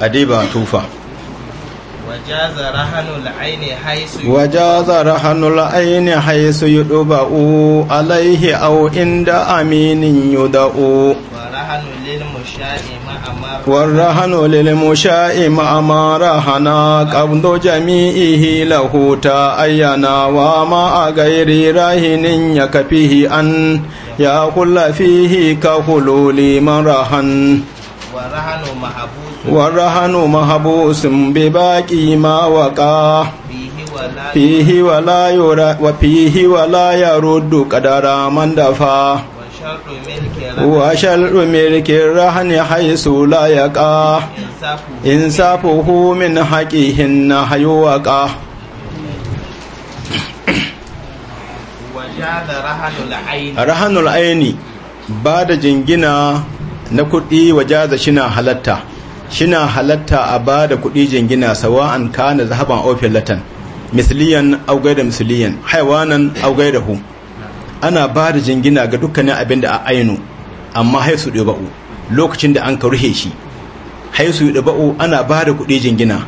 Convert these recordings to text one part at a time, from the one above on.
adiba tufa wajaza rahanul aini haisu yudba'u alaihi au inda aminin yuda'u warrahanu lil musha'i ma amara hana qabdu jami'ihi lahu ayyana. wa ma aghairi rahinin yakfihi an ya kullu fihi ka hululi marahan والرهن محبوس بباقي ما وقع فيه ولا يرى وفيه ولا يرد قدر من دفع وشل ملك الرهن حيث لا يقع إنصافه من حقه النهي وقع rahanul aini ba da jingina na kuɗi wajaza shina halatta shina halatta a ba da kuɗi jingina sawa'an kana zahaban ofin latan misliyan augai da misliyan haiwanan augai da hu ana ba da jingina ga dukkanin abin da a ainu amma haisu ɗi ba'u lokacin da an ka shi haisu ɗi ba'u ana ba da kuɗi jingina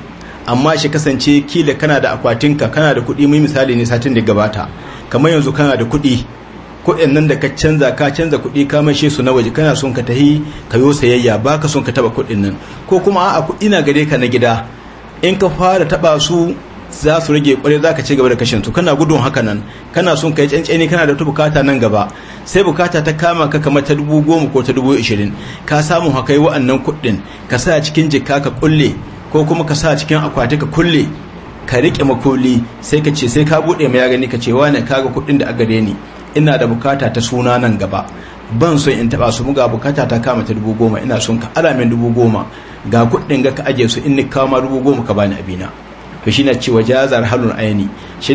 amma shi kasance kila kana da akwatinka kana da kuɗi mai misali ne satin da gabata kamar yanzu kana da kuɗi kuɗin nan da ka canza ka canza kuɗi ka mashe su na waje kana son ka tahi ka yo sayayya ba ka son ka taba kuɗin nan ko kuma kuɗi na gare ka na gida in ka fara taba su za su rage kwarai za ka ci gaba da kashin su kana gudun haka nan kana son ka yi cancani kana da wata bukata nan gaba sai bukata ta kama ka kamar ta dubu goma ko ta dubu ishirin ka samu haka yi wa'annan kuɗin ka sa cikin jikka ka kulle ko kuma ka sa cikin akwati ka kulle ka riƙe makoli sai ka ce sai ka buɗe ma ya gani ka ce wane kaga kuɗin da a gare ni ina da bukata ta suna nan gaba ban son in taba su ga bukata ta kama ta dubu goma ina son ka ala min dubu goma ga kuɗin ga ka aje su in ni kawo ma dubu goma ka bani abina to shi na cewa jazar halun aini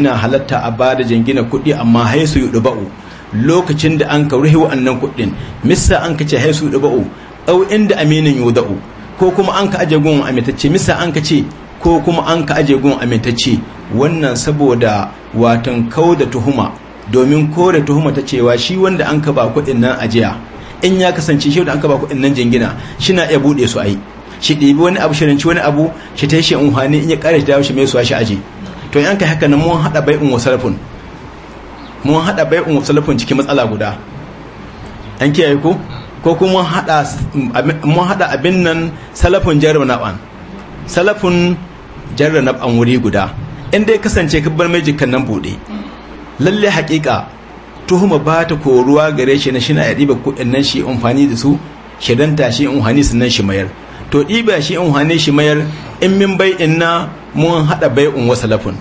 na halatta a ba da jingina kuɗi amma haisu yudba'u lokacin da an ka ruhi wa'annan kuɗin misa an ka ce haisu yudba'u au inda aminin dau ko kuma an ka aje gun amintacce misa an ka ce ko kuma an ka aje gun amintacce wannan saboda watan kauda tuhuma domin kore tuhuma ta cewa shi wanda an ka ba kuɗin nan ajiya in ya kasance shi wanda an ka ba kuɗin nan jingina shi na iya buɗe su ai shi ɗibi wani abu shirinci wani abu shi ta shi unhani in ya ƙara shi dawo shi mai suwa shi aji to in an ka haka nan mun haɗa bai'un wa salafun mun haɗa bai'un wa salafun cikin matsala guda an kiyaye ku ko kuma mun haɗa abin nan salafun jarar na'an salafun jarar na'an wuri guda in dai kasance kabbar mai jikan nan buɗe lalle haƙiƙa tuhuma ba ta koruwa gare shi na shi na ya ɗiba kuɗin nan shi amfani da su shi danta shi amfani su nan shi mayar to ɗiba shi amfani shi mayar in min bai in na mun haɗa bai in wasa lafin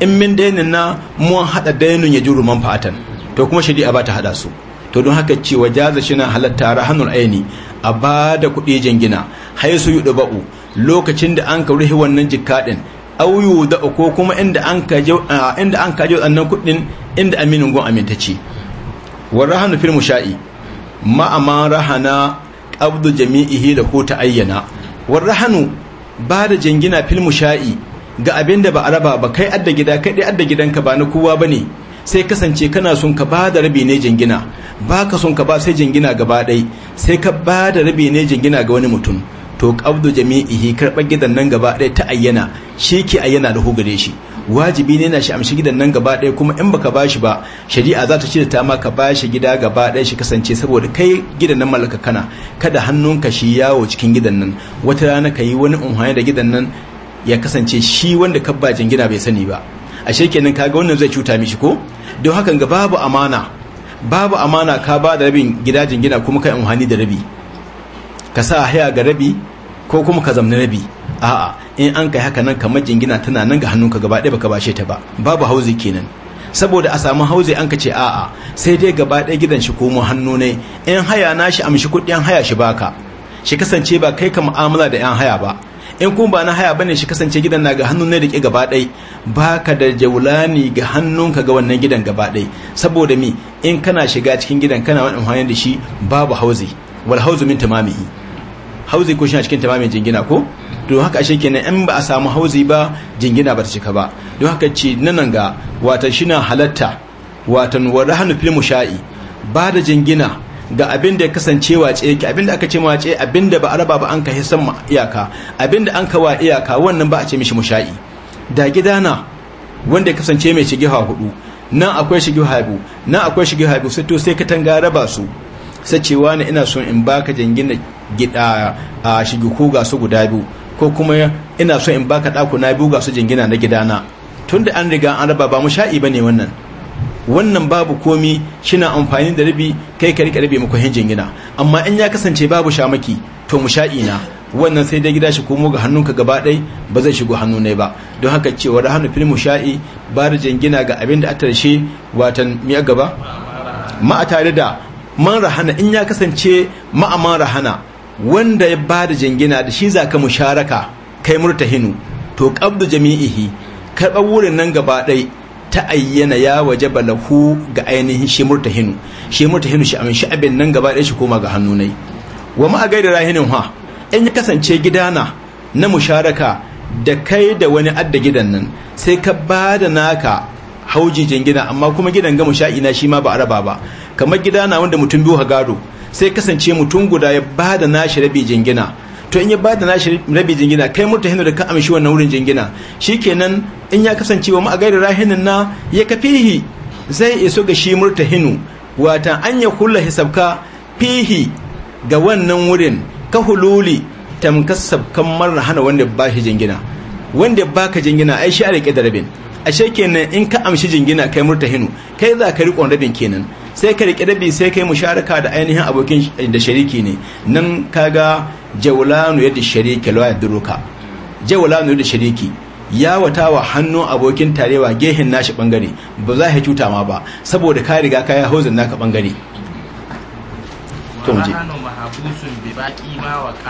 in min dainin na mun haɗa dainin ya ji ruman fatan to kuma shari'a ba ta haɗa su to don haka cewa jaza shi na halatta rahanul aini a ba da kuɗi jingina haisu yi ba'u lokacin da an ka wannan jikaɗin auyu da ko kuma inda an kaje inda an kaje wannan kudin inda aminin gon amintaci wa rahanu fil musha'i ma amma rahana qabdu jami'ihi da ko ta ayyana wa rahanu ba da jingina fil musha'i ga abinda da ba a raba ba kai adda gida kai dai adda gidanka ba na kowa bane sai kasance kana son ka bada da rabi ne jingina baka son ka ba sai jingina gaba ɗaya sai ka bada da rabi ne jingina ga wani mutum to qabdu jami'ihi karɓar gidan nan gaba ɗaya ta ayyana shi ke ayyana da hugare shi wajibi ne na shi amshi gidan nan gaba ɗaya kuma in baka bashi ba shari'a za ta ce ta ma ka bashi gida gaba ɗaya shi kasance saboda kai gidan nan mallaka kana kada hannunka shi yawo cikin gidan nan wata rana ka yi wani unhani da gidan nan ya kasance shi wanda ka bajin gida bai sani ba ashe kenan kaga wannan zai cuta mishi ko don hakan ga babu amana babu amana ka ba da rabin gidajin gida kuma kai unhani da rabi ka sa haya ga rabi ko kuma ka zamna nabi a'a in an kai haka nan kamar jingina tana nan ga hannunka gaba ɗaya baka bashe ta ba babu hauzi kenan saboda a samu hauzi an ka ce a'a sai dai gaba ɗaya gidan shi komo hannu ne in haya na shi amshi kuɗi an haya shi baka shi kasance ba kai ka mu'amala da yan haya ba in kun ba na haya bane shi kasance gidan na ga hannun ne da ke gaba ɗai baka da jaulani ga hannunka ga wannan gidan gaba ɗai saboda mi in kana shiga cikin gidan kana wani hanyar da shi babu hauzi wal hauzu min tamamihi hauzi ko shi a cikin tamamin jingina ko don haka ashe kenan in ba a samu hauzi ba jingina ba ta cika ba don haka ce nan ga wata shina halatta watan wadda hannu fil musha'i ba da jingina ga abin da ya kasance wace yake abin da aka ce wace abin da ba a raba ba an ka hisan iyaka abin da an kawa iyaka wannan ba a ce mishi musha'i da gidana wanda ya kasance mai shigewa hudu nan akwai shigewa biyu nan akwai shigewa biyu sai to sai ka tanga raba su sacewa ne ina son in baka jangina gida a shigiku ga su guda biyu ko kuma ina son in baka ɗaku na biyu ga su jingina na gidana tun da an riga an raba ba mu sha'i ba ne wannan wannan babu komi shina amfani da rabi kai ka rike rabi muku hinjin jangina amma in ya kasance babu shamaki to mu sha'i na wannan sai dai gida shi ko komo ga hannunka gaba ɗai ba zai shigo hannu ne ba don haka cewa da hannu filmu sha'i ba da jingina ga abin da a tarshe watan miya gaba ma tare da man rahana in ya kasance ma'aman rahana wanda ya ba da jingina da shi za ka musharaka kai murtahinu to ƙabdu jami'ihi karɓar wurin nan gaba ɗai ta ayyana ya waje balahu ga ainihin shi hinu shi murtahinu shi amin shi nan gaba ɗai shi koma ga hannu nai wa ma a gaida rahinin ha in ya kasance gidana na musharaka da kai da wani adda gidan nan sai ka ba da naka haujijin gidan amma kuma gidan sha ina shi ma ba a raba ba kamar gida na wanda mutum biyu ha gado sai kasance mutum guda ya ba da nashi rabi jingina to in ya ba da nashi rabi jingina kai murta hinu da ka amshi wannan wurin jingina shikenan in ya kasance wa ma'agairi rahinin na ya kafihi zai iso ga shi murta hinu watan an ya kula hisabka fihi ga wannan wurin ka hululi tamkar kan marar hana wanda ba shi jingina wanda ba ka jingina ai shi a rike da rabin ashe kenan in ka amshi jingina kai murtahinu kai za ka riƙon rabin kenan sai ka riƙe rabi sai kai musharaka da ainihin abokin da shariki ne nan kaga jawlanu yadda shariki ya duruka jawlanu yadda shariki ya wata wa abokin tarewa gehen nashi bangare ba za ka cuta ma ba saboda ka riga ka ya hozin naka bangare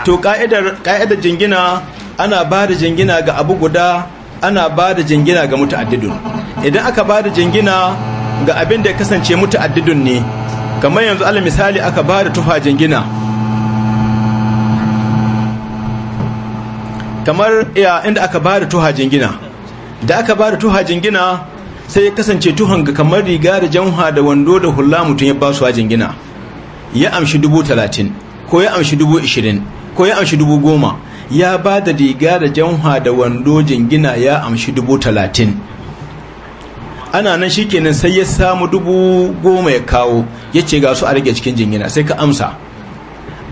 to ka'idar jingina ana ba da jingina ga abu guda ana ba da jingina ga muta'addidun idan aka ba da jingina ga abin da ya kasance muta'addidun ne kamar yanzu alal misali aka ba da tufa jingina kamar ya inda aka ba da tuha jingina da aka ba da tuha jingina sai ya kasance tuhan ga kamar riga da janha da wando da hula mutum ya ba su jingina ya amshi dubu talatin ko ya amshi dubu ishirin ko ya amshi dubu goma ya ba da riga da janha da wando jingina ya amshi dubu talatin ana nan shi kenan sai ya samu dubu goma ya kawo ya ce ga su a rage cikin jingina sai ka amsa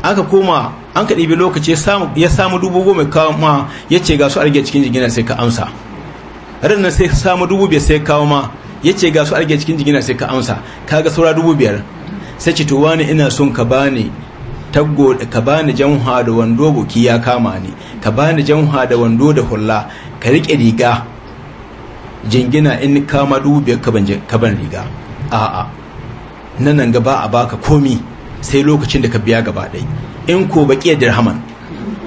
aka koma an ka ɗibi lokaci ya samu dubu goma ya kawo ma ya ce ga su a rage cikin jingina sai ka amsa ranar sai samu dubu biyar sai kawo ma ya ce ga su a rage cikin jingina sai ka amsa kaga saura dubu biyar sai ce to wani ina son ka bani taggo ka bani janha da wando buki ya kama ni ka bani janha da wando da hulla ka rike riga jingina in kama dubu biyar ka ban riga a'a nan nan gaba a baka komi sai lokacin da ka biya gaba ɗai in ko baƙi dirhaman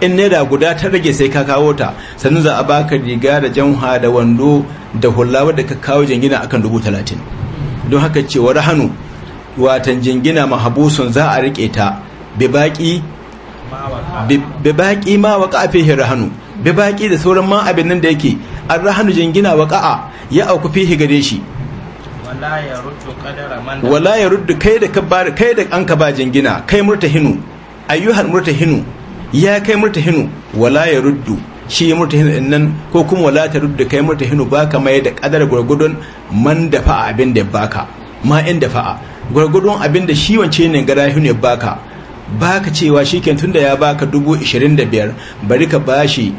in naira guda ta rage sai ka kawo ta sannan za a baka riga da janha da wando da hulla wadda ka kawo jingina akan dubu talatin don haka cewa rahanu watan jingina mahabusun za a rike ta bi baki ma waka fi rahanu bi baki da sauran ma abin nan da yake an rahanu jingina waka'a ya auku fihi gare shi wala ya ruddu kai da kai da an ka ba jingina kai murtahinu ayyuhal murtahinu ya kai murtahinu wala ya ruddu shi ya murtahinu din nan ko kuma wala ta ruddu kai murtahinu baka mai da kadar gurgudun man dafa abin da baka ma in dafa gurgudun abin da shi wance ne gara hinu ya baka baka cewa shiken tunda ya baka dubu ishirin biyar bari ka bashi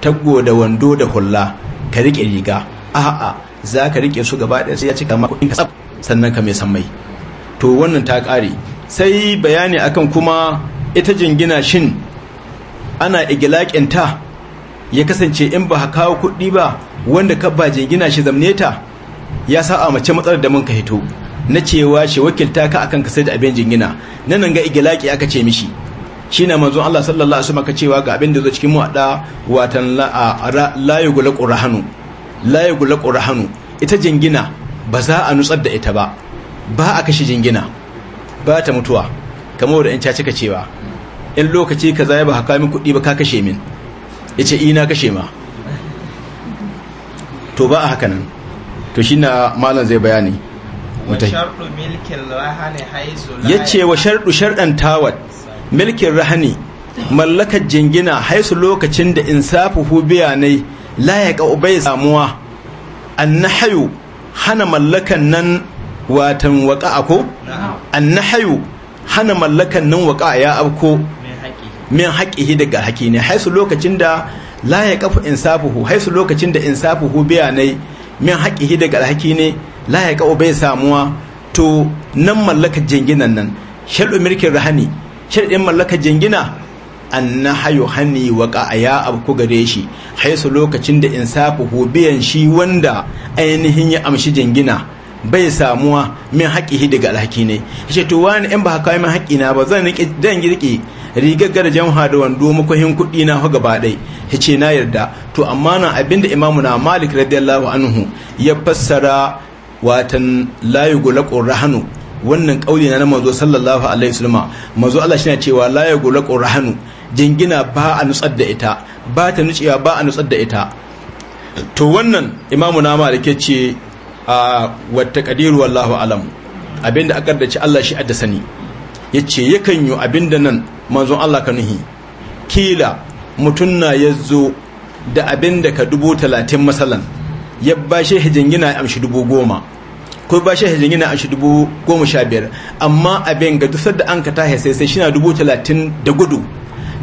taggo da wando da hulla ka riƙe riga a'a za ka riƙe su gaba ɗaya sai ya cika ma kuɗin ka sannan ka mai san to wannan ta ƙare sai bayani akan kuma ita jingina shin ana igilaƙinta, ya kasance in ba kawo kuɗi ba wanda ka ba jingina shi zamne ta ya sa a mace matsalar da mun ka hito na cewa shi wakilta ka akan kasai da abin jingina nan ga igilaki aka ce mishi shi na manzon Allah sallallahu alaihi wasallam ka cewa ga abin da zo cikin muwadda watan la yugula qur'anu la yugula qur'anu ita jingina ba za a nutsar da ita ba ba a kashe jingina ba ta mutuwa kamar da in caci ka cewa in lokaci kaza ya ba haka min kuɗi ba ka kashe min yace ina kashe ma to ba a haka nan to shi na malam zai bayani ya ce wa sharɗu sharɗan tawad milkin rahani mallakar jingina haisu lokacin da insafuhu biyanai layaka ubai samuwa an na hayu hana mallakan nan watan waka ako. an na hayu hana mallakan nan waka ya abko min haƙihi daga haƙi ne haisu lokacin da layaka hu haisu lokacin da biya biyanai min haƙihi daga haƙi ne la ka obe bai samuwa to nan mallaka jinginan nan sharɗin mulkin rahani sharɗin mallakar jingina an na hayo hani wa ƙa'aya abu ku gare shi haisu lokacin da in insafu biyan shi wanda ainihin ya amshi jingina bai samuwa min haƙihi daga alhaki ne ce to wani in ba haka min haƙi na ba zan riƙe dan gara rigar jamha da wando makohin kuɗi na haga ba dai na yarda to amma nan abinda imamu na malik radiyallahu anhu ya fassara watan la yughlaqu rahanu wannan kauli na mazo sallallahu alaihi wasallam manzo Allah shi cewa la yughlaqu rahanu jingina ba a nutsar da ita ba ta nuciya ba a nutsar da ita to wannan imamu na malike ce a wata kadiru wallahu alam abinda aka dace Allah shi adda sani yace yakan yi abinda nan manzon Allah ka nuhi kila mutunna yazo da abinda ka dubu talatin masalan ya bashe a amshi dubu goma ko bashe a amshi dubu goma sha biyar amma abin ga dusar da an ka tahe sai sai shina dubu talatin da gudu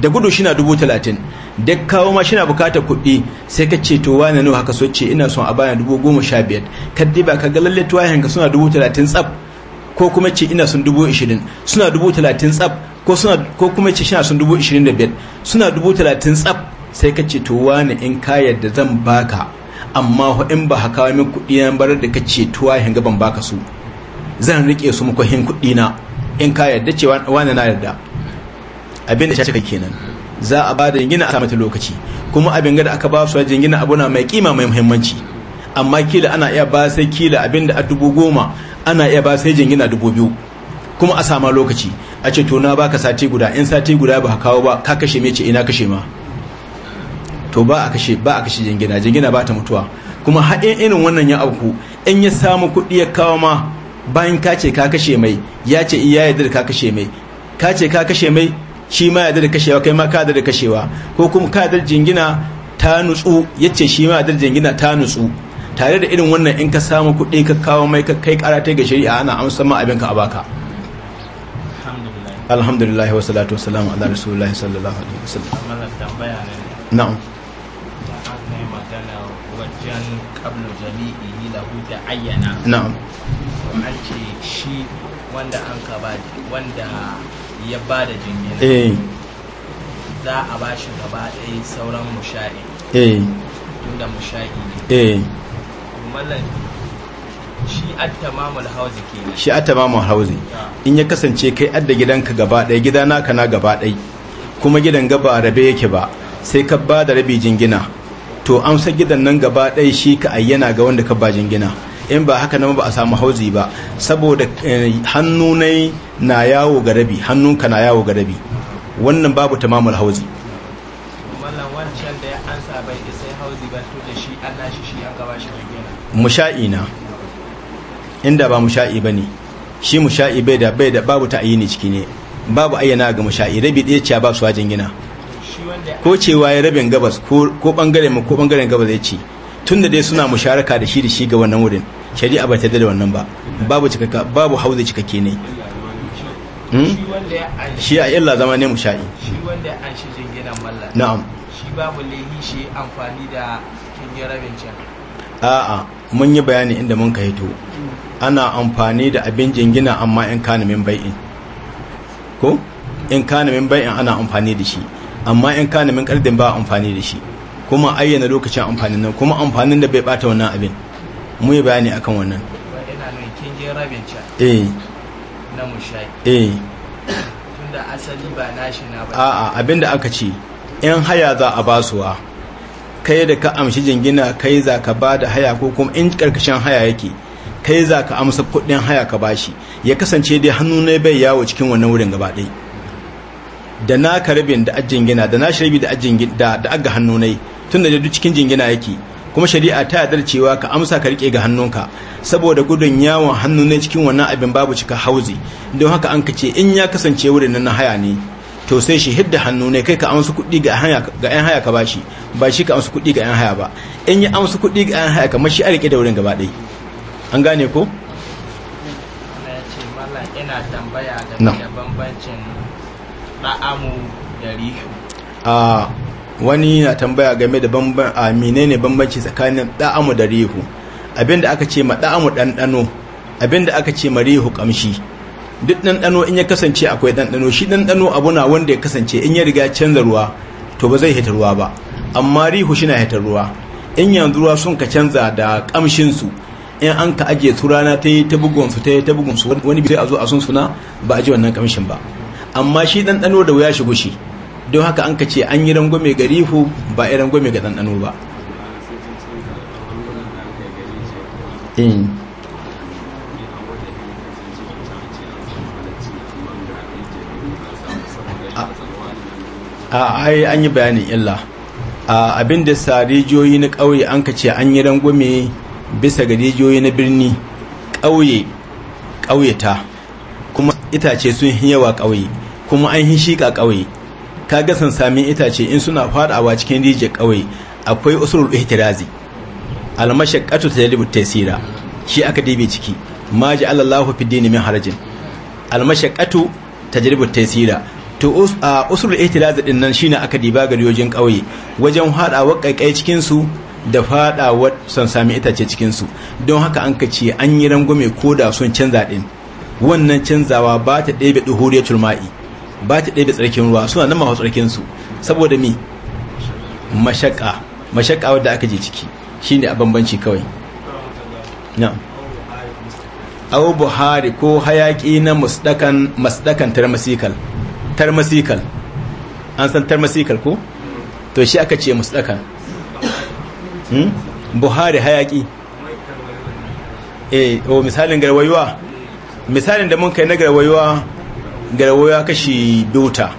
da gudu shina dubu talatin da kawo ma shina bukatar kuɗi sai ka ce to wani nau haka so ce ina son a bayan dubu goma sha biyar kaddi ba ka ga lalle tuwayen yanka suna dubu talatin tsaf ko kuma ce ina sun dubu ishirin suna dubu talatin tsaf ko kuma ce shina sun dubu ishirin da biyar suna dubu talatin tsaf sai ka ce to wani in ka yadda zan baka amma in ba haka min kuɗi ya bar da ka ce tuwa yin gaban baka su zan rike su muku hin kuɗi na in ka yarda cewa wani na yarda abin da ya cika kenan za a ba da jingina a samata lokaci kuma abin da aka ba su jingina abu na mai kima mai muhimmanci amma kila ana iya ba sai kila abin da a dubu goma ana iya ba sai jingina dubu biyu kuma a sama lokaci a ce to na baka sati guda in sati guda ba kawo ba ka kashe me ce ina kashe ma to ba a kashe ba a kashe jingina jingina ba ta mutuwa kuma haɗin irin wannan ya auku in ya samu kuɗi ya kawo ma bayan ka ce ka kashe mai ya ce iya yadda da ka kashe mai ka ce ka kashe mai shi ma ya da kashewa kai ma ka da kashewa ko kuma ka da jingina ta nutsu ya ce shi ma da jingina ta nutsu tare da irin wannan in ka samu kuɗi ka kawo mai ka kai karatai ga shari'a ana amsa ma abin ka a baka alhamdulillah wa salatu wa salamu ala rasulullahi sallallahu alaihi wasallam na'am wajen kablo jami'i lahu ta ayyana na'am an ce shi wanda an ka ba wanda ya ba da jingina eh. za a ba shi gaba ɗaya sauran musha'i eh. tunda musha'i ne eh. mallan shi attamamul hauzi kenan shi attamamul hauzi in ya kasance kai adda gidanka gaba ɗaya gida naka na gaba ɗaya kuma gidan gaba rabe yake ba sai ka ba da rabi jingina to amsa gidan nan gaba ɗaya shi ka ayyana ga wanda ka bajin gina in ba haka nan ba a samu hauzi ba saboda eh, hannu na yawo ga rabi hannunka na yawo ga rabi wannan babu tamamul hauzi musha'i na inda ba musha'i ba ne shi musha'i bai da bai da babu ciki ne babu ayyana ga musha'i rabi ɗaya ce ba su wajen gina ko cewa ya rabin gabas ko bangaren mu ko bangaren gabas ya ce tun da dai suna musharaka da shi da shi ga wannan wurin shari'a ba ta da wannan ba babu cikakka babu hauza cikakke ne hmm? shi a illa zama ne musha'i shi wanda an shi jingiran mallan na'am shi babu lehi shi amfani da rabin can a'a mun yi bayani inda mun ka hito ana amfani da abin jingina amma in kana min bai'in ko in kana min bai'in ana amfani da shi amma in ka min kardin ba amfani da shi kuma ayyana lokacin amfanin nan kuma amfanin da bai bata wannan abin mu yi bayani akan wannan eh eh tunda asali ba nashi na ba a'a abinda aka ce in haya za a basuwa kai da ka amshi jingina kai za ka ba da haya ko kuma in karkashin haya yake kai za ka amsa kuɗin haya ka bashi ya kasance dai hannu ne bai yawo cikin wannan wurin gaba ɗaya da na rabin da ajin gina da na shirbi da ajin da da aga hannunai tun da duk cikin jingina yake kuma shari'a ta yadda cewa ka amsa ka rike ga hannunka saboda gudun yawon hannunai cikin wannan abin babu cika hauzi don haka an kace in ya kasance wurin nan haya ne to sai shi hidda hannunai kai ka amsa kuɗi ga haya ga ɗan haya ka bashi ba shi ka amsa kuɗi ga ɗan haya ba in ya amsa kuɗi ga ɗan haya ka mashi a rike da wurin gaba ɗaya an gane ko ina tambaya da bambancin ɗa'amu dari a wani na tambaya game da bamban a menene bambanci tsakanin da'amu da rihu abinda aka ce ma ɗa'amu ɗanɗano abinda aka ce ma rihu ƙamshi duk ɗanɗano in ya kasance akwai ɗanɗano shi ɗanɗano abu na wanda ya kasance in ya riga canza ruwa to ba zai hita ruwa ba amma rihu shi na hita ruwa in yanzu ruwa sun ka canza da ƙamshinsu in an ka ajiye su rana ta yi ta bugunsu ta yi ta bugunsu wani bai a zo a sun suna ba a ji wannan ƙamshin ba amma shi ɗanɗano da wuya shigo shi don haka an ka ce an yi rangwame ga rihu ba a yi rangwame ga ɗanɗano ba eh. a ai an yi bayanin illa abin da sa rijiyoyi na ƙauye an ka ce an yi rangwame bisa ga rijiyoyi na birni ƙauye ƙauyeta kuma itace sun yawa ƙauye kuma an yi shiƙa ƙauye kaga sansamin itace in suna fadawa cikin rijiyar ƙauye akwai usulul ihtirazi almashaqqatu tajlibu taysira shi aka dibe ciki ma ja'ala Allahu fi dini min harajin almashaqqatu tajlibu taysira to usulul ihtirazi din nan shine aka diba ga riyojin ƙauye wajen fadawa kai cikin su da fadawa sansamin itace cikin su don haka an kace an yi rangume ko da sun canza din wannan canzawa ba ta ɗebe duhuriyatul ma'i ba ta ɗaya da tsarkin ruwa suna nan masu tsarkin su saboda mi mashaka mashaka wadda aka je ciki shi ne a bambanci kawai na. aw buhari ko hayaƙi na musdakan masdakan tarmasikal tarmasikal an san tarmasikal ko to shi aka ce musdakan hmm? buhari hayaƙi. eh o oh, misalin garwayuwa misalin da mun kai na garwayuwa garwayo ya kashe dota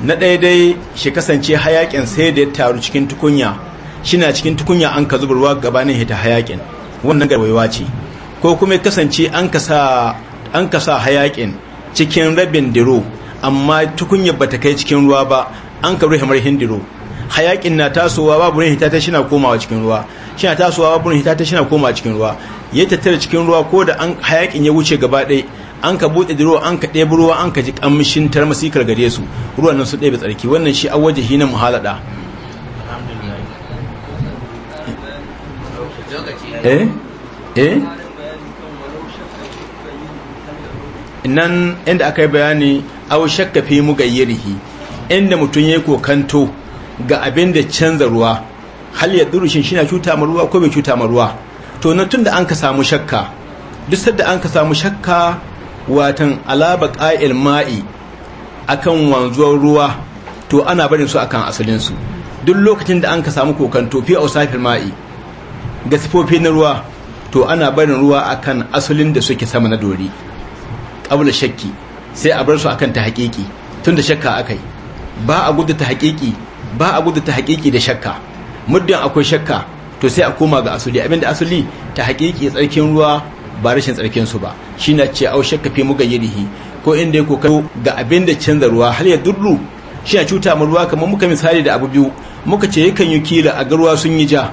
na ɗaya dai shi kasance hayakin sai da ya taru cikin tukunya shi na cikin tukunya an ka zuba ruwa gabanin hita hayakin wannan garwayowa ce ko kuma ya kasance an ka sa hayakin cikin rabin diro amma tukunya bata kai cikin ruwa ba an ka ruhe marhin diro hayakin na tasowa babu rin hita ta shina komawa cikin ruwa shina tasowa babu rin hita ta shina komawa cikin ruwa ya tattara cikin ruwa ko da an hayakin ya wuce gaba ɗaya an ka buɗe da ruwa an ka ɗebi ruwa an ka ji ƙamshin tarmasikar gare su ruwan nan su ɗebe tsarki wannan shi an waje hina muhalada eh eh nan inda aka yi bayani au shakka fi mugayyirihi inda mutum ya yi kokanto ga abin da canza ruwa hal ya durushin shi na cuta ma ruwa ko bai cuta ma ruwa to na tun da an ka samu shakka duk sadda an ka samu shakka watan alaba ƙa'il ma'i akan wanzuwar ruwa to ana barin su akan asalinsu duk lokacin da an ka samu kokanto a usafin ma'i ga sifofi na ruwa to ana barin ruwa akan asalin da suke sama na dori ƙabula shakki sai a bar su akan ta haƙiƙi tun da shakka aka yi ba a gudu ta haƙiƙi ba a gudu ta haƙiƙi da shakka muddin akwai shakka to sai a koma ga asali abinda asali ta haƙiƙi tsarkin ruwa ba rashin tsarkin su ba shi na ce au shakka fi mugayyirihi ko inda ya kokaro ga abin da canza ruwa har ya durru shi a cuta mu ruwa kamar muka misali da abu biyu muka ce yakan yi kila a garuwa sun yi ja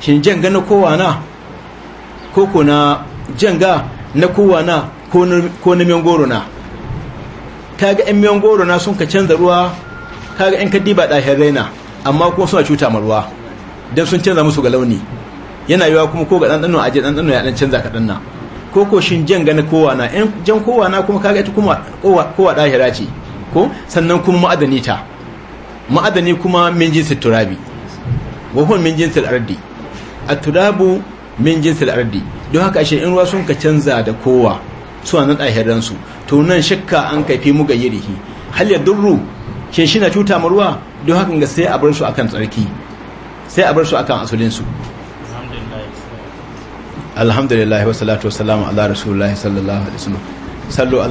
shin jan na kowa na ko ko na jan ga na kowa na ko na na ga yan miyangoro na sun ka canza ruwa ga yan kaddi ba raina amma kuma suna cuta mu ruwa don sun canza musu ga launi yana yiwa kuma ko ga ɗanɗano a je ɗanɗano ya ɗan canza kaɗan na ko ko shin jan gani kowana yan jan kowana kuma kaga ita kuma kowa ɗahira ce ko sannan kuma ma'adani ta ma'adani kuma min jinsir turabi wa min jinsir ardi A turabu min jinsir ardi don haka ashe in ruwa sun ka canza da kowa suna na ɗahiransu to nan shakka an kaifi mu gayyirihi hal halya durru ke shi na cuta ma ruwa don haka ga sai a bar su akan tsarki sai a bar su akan asulin alhamdulillah wa salatu wa salamu ala rasulullahi sallallahu alaihi wasallam sallu